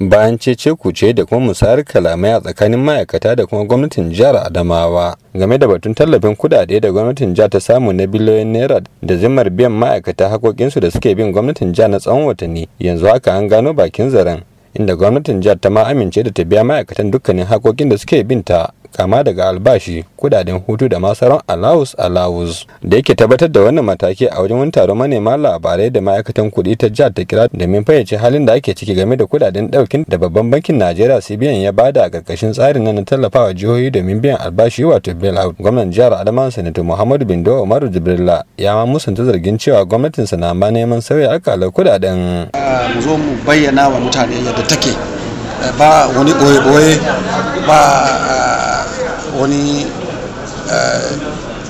bayan cece kuce da kuma musayar kalamai a tsakanin ma'aikata da kuma gwamnatin jihar adamawa game da batun tallafin kudade da gwamnatin jihar ta samu na biliyoyin naira da zimmar biyan ma'aikata hakokinsu da suke bin gwamnatin jihar na tsawon watanni yanzu haka an gano bakin zaren inda gwamnatin jihar ta ma amince da ta biya ma'aikatan dukkanin hakokin da suke bin ta. kama daga albashi kudaden hutu da masaran alawus alawus da yake tabbatar da wannan mataki a wajen wani taron manema labarai da ma'aikatan kuɗi ta jihar ta kira domin fayyace halin da ake ciki game da kudaden daukin da babban bankin najeriya cbn ya bada a ƙarƙashin tsarin na tallafawa jihohi domin biyan albashi wato out. gwamnan jihar adamawa sanato muhammadu bindo umaru jibrilla ya ma musanta zargin cewa gwamnatinsa na ma neman sauya akalar kudaden. mu zo mu bayyana wa mutane yadda take ba wani ɓoye ba wani eh,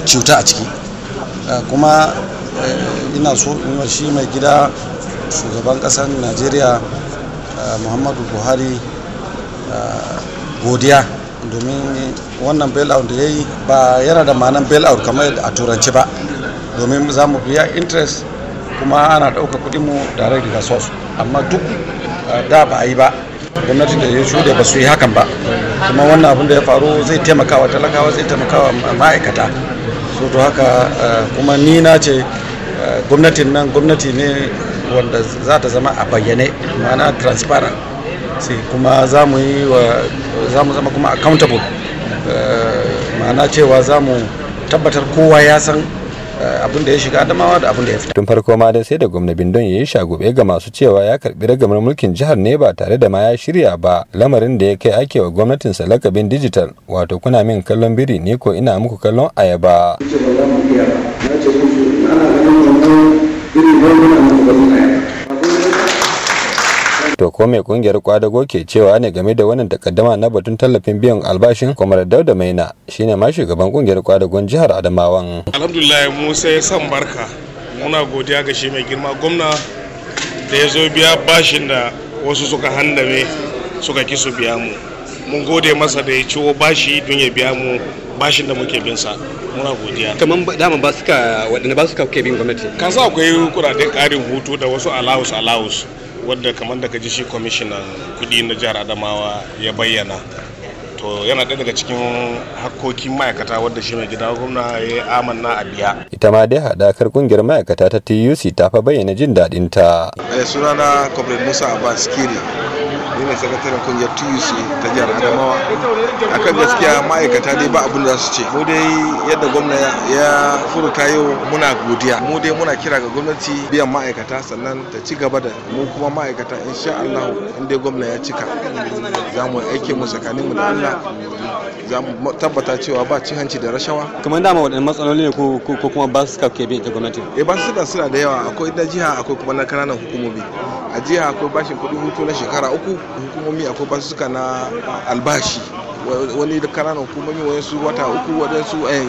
cuta a ciki eh, kuma eh, ina so in shi mai gida shugaban ƙasar najeriya muhammadu buhari godiya domin wannan bailout da ya yi ba yana da ma'anan bailout kamar a turanci ba domin za mu biya interest kuma ana ɗauka mu da daga sos amma duk da ba a yi ba gwamnatin da ya shuɗe ba su yi hakan ba kuma wannan abin da ya faru zai taimakawa talakawa zai taimakawa ma'aikata so to haka eh, kuma ni na ce eh, gwamnatin nan gwamnati ne wanda za ta zama a bayyane ma'ana transparent sai kuma za mu yi wa za mu zama kuma accountable eh, ma'ana cewa za mu tabbatar kowa ya san abin da ya shiga adamawa da abin da ya fita. Tun farko ma dai sai da gwamna Bindon ya yi shagube ga masu cewa ya karbi ragamar mulkin jihar ne ba tare da ma ya shirya ba lamarin da ya kai ake wa gwamnatin sa lakabin digital wato kuna min kallon biri ne ko ina muku kallon ayaba. ko mai kungiyar kwadago ke cewa ne game da wannan takaddama na batun tallafin biyan albashin kwamar dauda maina shine ma shugaban kungiyar kwadagon jihar adamawan alhamdulillah mu sai san barka muna godiya ga shi mai girma gwamna da ya zo biya bashin da wasu suka handame suka ki su biya mu mun gode masa da ya ciwo bashi don ya biya mu bashin da muke bin sa muna godiya kaman dama ba suka wadanda ba suka kai bin gwamnati kan sa akwai kudaden ƙarin hutu da wasu allowance allowance wadda kamar da ji shi kwamishinan kudi na jihar adamawa ya bayyana to yana ɗaya daga cikin hakkokin ma'aikata wadda shi mai gida gwamna ya yi amanna a biya ita ma dai haɗakar ƙungiyar ma'aikata ta tuc ta fa bayyana jin daɗin ta eh, sunana kwamfani musa abbas kiri ni ne sakataren kungiyar tuc ta jihar adamawa akan gaskiya ma'aikata dai ba abin da su ce mu dai yadda gwamna ya furta yau muna godiya mu dai muna kira ga gwamnati biyan ma'aikata sannan ta ci gaba da mu kuma ma'aikata insha Allah in dai gwamna ya cika za mu aike mu tsakaninmu da Allah za mu tabbata cewa ba cin hanci da rashawa kamar dama waɗanne matsaloli ne ko kuma ba su ke bin ita gwamnati eh ba su suna da yawa akwai na jiha akwai kuma na kananan hukumomi a jiha akwai bashin kuɗin hutu na shekara uku hukumomi akwai suka na albashi wani da kananan hukumomi su wata uku su eh,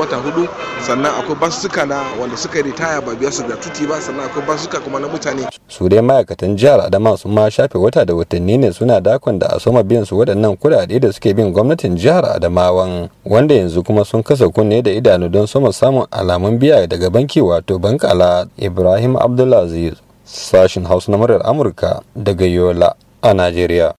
wata hudu sannan akwai suka na wanda suka ritaya ba biya su da tuti ba sannan akwai suka kuma na mutane su dai ma'aikatan jihar adama sun ma shafe wata da watanni ne suna dakon da a soma biyan su waɗannan kuɗaɗe da suke bin gwamnatin jihar adamawan wanda yanzu kuma sun kasa kunne da idanu don soma samun alamun biya daga banki wato bankala ibrahim abdulaziz sashin hausa na muryar amurka daga yola a Najeriya.